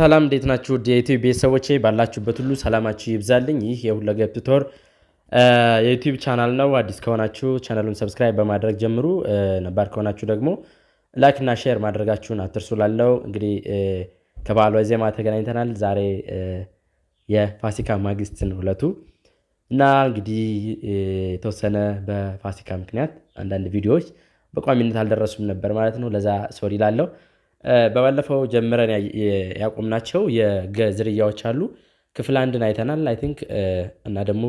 ሰላም እንዴት ናችሁ? የዩቲዩብ ቤተሰቦች ባላችሁበት ሁሉ ሰላማችሁ ይብዛልኝ። ይህ የሁለገብ ቱቶር የዩቲዩብ ቻናል ነው። አዲስ ከሆናችሁ ቻናሉን ሰብስክራይብ በማድረግ ጀምሩ። ነባር ከሆናችሁ ደግሞ ላይክና ሼር ማድረጋችሁን አትርሱ። ላለው እንግዲህ ከበዓሉ ዜማ ተገናኝተናል። ዛሬ የፋሲካ ማግስት ነው ዕለቱ እና እንግዲህ የተወሰነ በፋሲካ ምክንያት አንዳንድ ቪዲዮዎች በቋሚነት አልደረሱም ነበር ማለት ነው። ለዛ ሶሪ ላለው በባለፈው ጀምረን ያቆምናቸው የዝርያዎች አሉ። ክፍል አንድን አይተናል አይ ቲንክ እና ደግሞ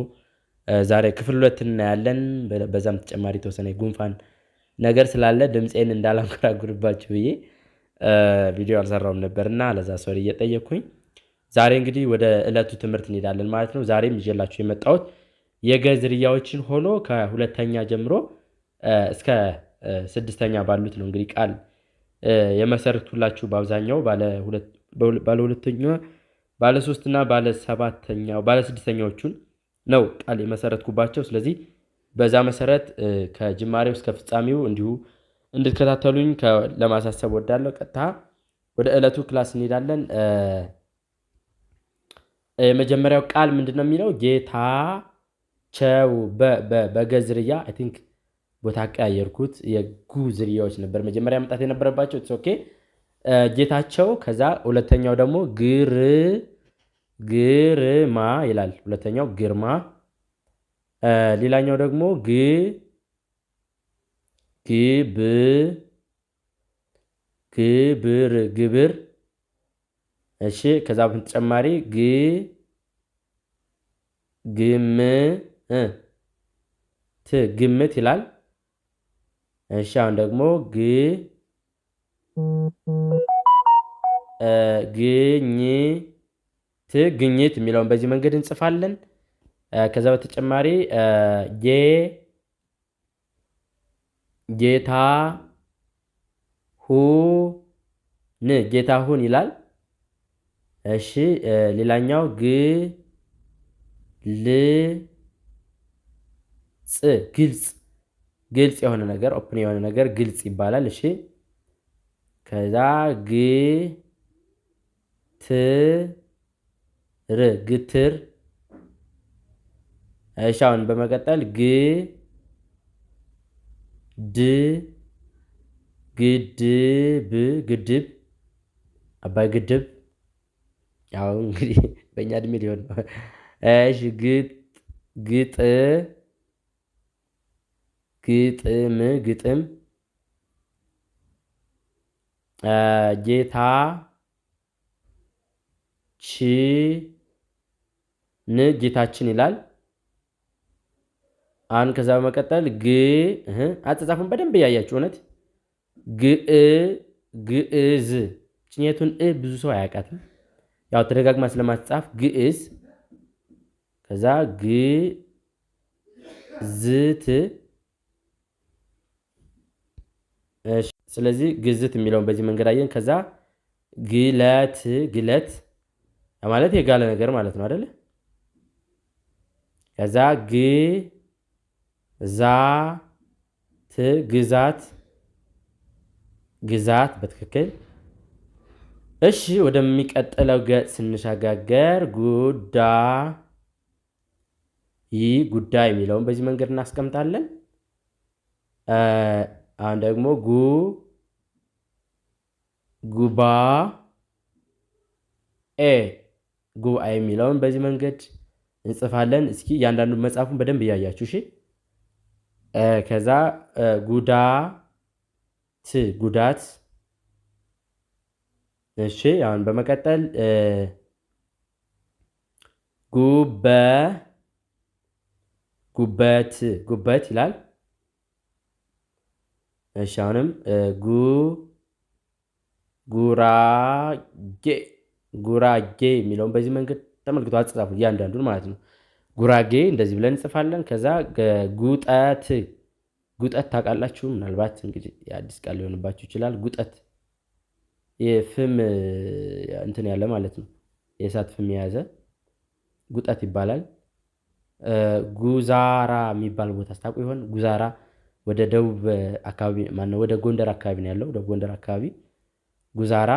ዛሬ ክፍል ሁለት እናያለን። በዛም ተጨማሪ የተወሰነ ጉንፋን ነገር ስላለ ድምፄን እንዳላንጎራጉርባችሁ ብዬ ቪዲዮ አልሰራውም ነበር እና ለዛ ሶሪ እየጠየቅኩኝ ዛሬ እንግዲህ ወደ ዕለቱ ትምህርት እንሄዳለን ማለት ነው። ዛሬም ይዤላችሁ የመጣሁት የገ ዝርያዎችን ሆኖ ከሁለተኛ ጀምሮ እስከ ስድስተኛ ባሉት ነው እንግዲህ ቃል የመሰረቱላችሁ በአብዛኛው ባለ ሁለተኛ ባለ ሶስትና ባለ ሰባተኛው ባለ ስድስተኛዎቹን ነው ቃል የመሰረትኩባቸው። ስለዚህ በዛ መሰረት ከጅማሬው እስከ ፍጻሜው እንዲሁ እንድትከታተሉኝ ለማሳሰብ ወዳለሁ። ቀጥታ ወደ ዕለቱ ክላስ እንሄዳለን። የመጀመሪያው ቃል ምንድን ነው የሚለው? ጌታቸው በገዝርያ አይ ቲንክ ቦታ ቀያየርኩት። የጉ ዝርያዎች ነበር መጀመሪያ መምጣት የነበረባቸው። ኦኬ ጌታቸው። ከዛ ሁለተኛው ደግሞ ግር ግርማ ይላል። ሁለተኛው ግርማ፣ ሌላኛው ደግሞ ግ ግብ ግብር ግብር። እሺ ከዛ በተጨማሪ ግ ግም ት ግምት ይላል። እሺ አሁን ደግሞ ግ ግኝት ግኝት የሚለውን በዚህ መንገድ እንጽፋለን። ከዛ በተጨማሪ ጌ ጌታ ሁን ጌታ ሁን ይላል። እሺ ሌላኛው ግ ል ግልጽ ግልጽ የሆነ ነገር ኦፕን የሆነ ነገር ግልጽ ይባላል። እሺ ከዛ ግ ት ር ግትር። እሺ አሁን በመቀጠል ግ ድ ግድብ ግድብ አባይ ግድብ ያው እንግዲህ በእኛ እድሜ ሊሆን ነው። እሺ ግጥ ግጥ ግጥም ግጥም ጌታ ን ጌታችን ይላል። አሁን ከዛ በመቀጠል ግ አጻጻፉን በደንብ እያያችሁ እውነት ግእ ግእዝ ችኘቱን እ ብዙ ሰው አያውቃትም። ያው ተደጋግማ ስለማትጻፍ ግዕዝ ከዛ ግዝት ስለዚህ ግዝት የሚለውን በዚህ መንገድ አየን። ከዛ ግለት ግለት ማለት የጋለ ነገር ማለት ነው አደለ? ከዛ ግ ዛ ት ግዛት ግዛት በትክክል እሺ። ወደሚቀጥለው ገጽ ስንሸጋገር ጉዳ ይህ ጉዳይ የሚለውን በዚህ መንገድ እናስቀምጣለን። አሁን ደግሞ ጉ ጉባ ኤ ጉባኤ የሚለውን በዚህ መንገድ እንጽፋለን። እስኪ እያንዳንዱ መጽሐፉን በደንብ እያያችሁ እሺ። ከዛ ጉዳት ጉዳት። እሺ አሁን በመቀጠል ጉበ ጉበት ጉበት ይላል። እሺ አሁንም ጉ ጉራጌ ጉራጌ የሚለውን በዚህ መንገድ ተመልክቶ አጻጻፉ እያንዳንዱን ማለት ነው። ጉራጌ እንደዚህ ብለን እንጽፋለን። ከዛ ጉጠት ጉጠት ታውቃላችሁ። ምናልባት እንግዲህ የአዲስ ቃል ሊሆንባችሁ ይችላል። ጉጠት የፍም እንትን ያለ ማለት ነው። የእሳት ፍም የያዘ ጉጠት ይባላል። ጉዛራ የሚባል ቦታ ስታውቁ ይሆን? ጉዛራ ወደ ደቡብ አካባቢ ማነው ወደ ጎንደር አካባቢ ነው ያለው። ወደ ጎንደር አካባቢ ጉዛራ፣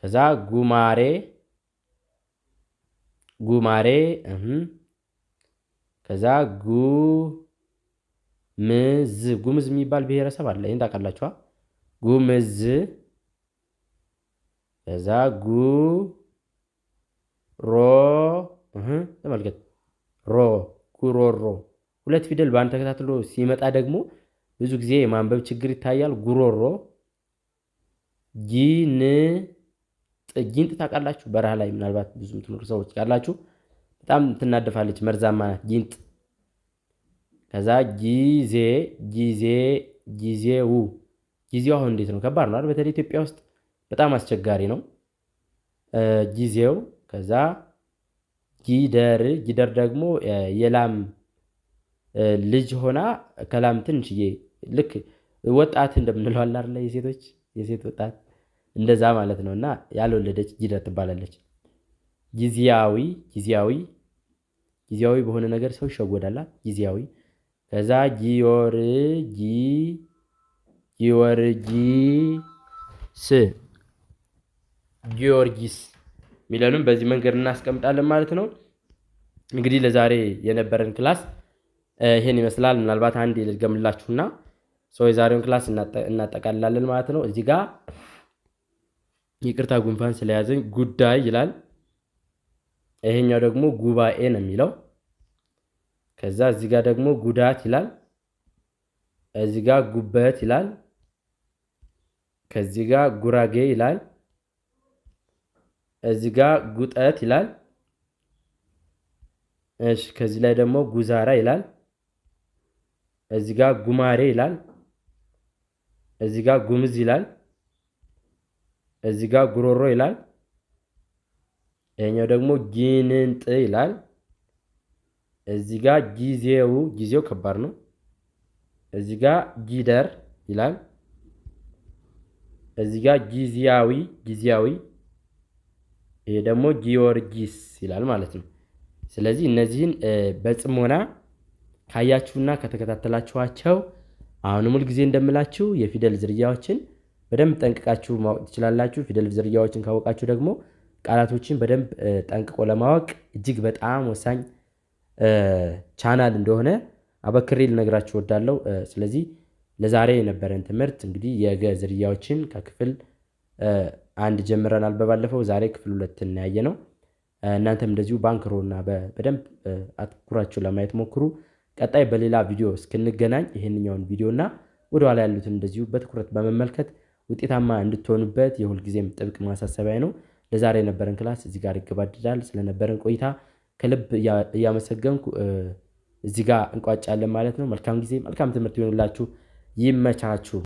ከዛ ጉማሬ ጉማሬ ከዛ ምዝ ጉምዝ የሚባል ብሔረሰብ አለ። ይህን ታውቃላችኋ? ጉምዝ ከዛ ሮ ተመልከት ሮ ጉሮሮ ሁለት ፊደል በአንድ ተከታትሎ ሲመጣ ደግሞ ብዙ ጊዜ የማንበብ ችግር ይታያል። ጉሮሮ ጊንጥ ጊንጥ ታውቃላችሁ? በረሃ ላይ ምናልባት ብዙ የምትኖሩ ሰዎች ካላችሁ በጣም ትናደፋለች፣ መርዛማ ናት ጊንጥ። ከዛ ጊዜ ጊዜ ጊዜው ጊዜው አሁን እንዴት ነው? ከባድ ነው። በተለይ ኢትዮጵያ ውስጥ በጣም አስቸጋሪ ነው ጊዜው። ከዛ ጊደር ጊደር ደግሞ የላም ልጅ ሆና ከላም ትንሽዬ ልክ ወጣት እንደምንለው አለ የሴቶች የሴት ወጣት እንደዛ ማለት ነው። እና ያልወለደች ጊዳ ትባላለች። ጊዜያዊ ጊዜያዊ ጊዜያዊ በሆነ ነገር ሰው ይሸወዳላ። ጊዜያዊ ከዛ ጊዮርጊ ጊዮርጊስ ጊዮርጊስ የሚለንም በዚህ መንገድ እናስቀምጣለን ማለት ነው። እንግዲህ ለዛሬ የነበረን ክላስ ይህን ይመስላል። ምናልባት አንድ ልድገምላችሁና ሰው የዛሬውን ክላስ እናጠቃልላለን ማለት ነው። እዚህ ጋ ይቅርታ ጉንፋን ስለያዘኝ ጉዳይ ይላል። ይሄኛው ደግሞ ጉባኤ ነው የሚለው። ከዛ እዚህ ጋ ደግሞ ጉዳት ይላል። እዚህ ጋ ጉበት ይላል። ከዚህ ጋ ጉራጌ ይላል። እዚህ ጋ ጉጠት ይላል። እሺ ከዚህ ላይ ደግሞ ጉዛራ ይላል። እዚ ጋ ጉማሬ ይላል። እዚ ጋ ጉምዝ ይላል። እዚ ጋ ጉሮሮ ይላል። ይሄኛው ደግሞ ጊንንጥ ይላል። እዚ ጋ ጊዜው ጊዜው ከባድ ነው። እዚ ጋ ጊደር ይላል። እዚ ጋ ጊዜያዊ ጊዜያዊ ይሄ ደግሞ ጊዮርጊስ ይላል ማለት ነው። ስለዚህ እነዚህን በጽሞና ካያችሁና ከተከታተላችኋቸው አሁንም ሁልጊዜ እንደምላችሁ የፊደል ዝርያዎችን በደንብ ጠንቅቃችሁ ማወቅ ትችላላችሁ። ፊደል ዝርያዎችን ካወቃችሁ ደግሞ ቃላቶችን በደንብ ጠንቅቆ ለማወቅ እጅግ በጣም ወሳኝ ቻናል እንደሆነ አበክሬ ልነግራችሁ እወዳለሁ። ስለዚህ ለዛሬ የነበረን ትምህርት እንግዲህ የገ ዝርያዎችን ከክፍል አንድ ጀምረናል በባለፈው። ዛሬ ክፍል ሁለት እናያየ ነው። እናንተም እንደዚሁ ባንክሮና በደንብ አትኩራችሁ ለማየት ሞክሩ። ቀጣይ በሌላ ቪዲዮ እስክንገናኝ ይህንኛውን ቪዲዮና ወደኋላ ያሉትን እንደዚሁ በትኩረት በመመልከት ውጤታማ እንድትሆኑበት የሁልጊዜም ጥብቅ ማሳሰቢያ ነው። ለዛሬ የነበረን ክላስ እዚህ ጋር ይገባድዳል። ስለነበረን ቆይታ ከልብ እያመሰገንኩ እዚህ ጋር እንቋጫለን ማለት ነው። መልካም ጊዜ፣ መልካም ትምህርት ይሆንላችሁ፣ ይመቻችሁ።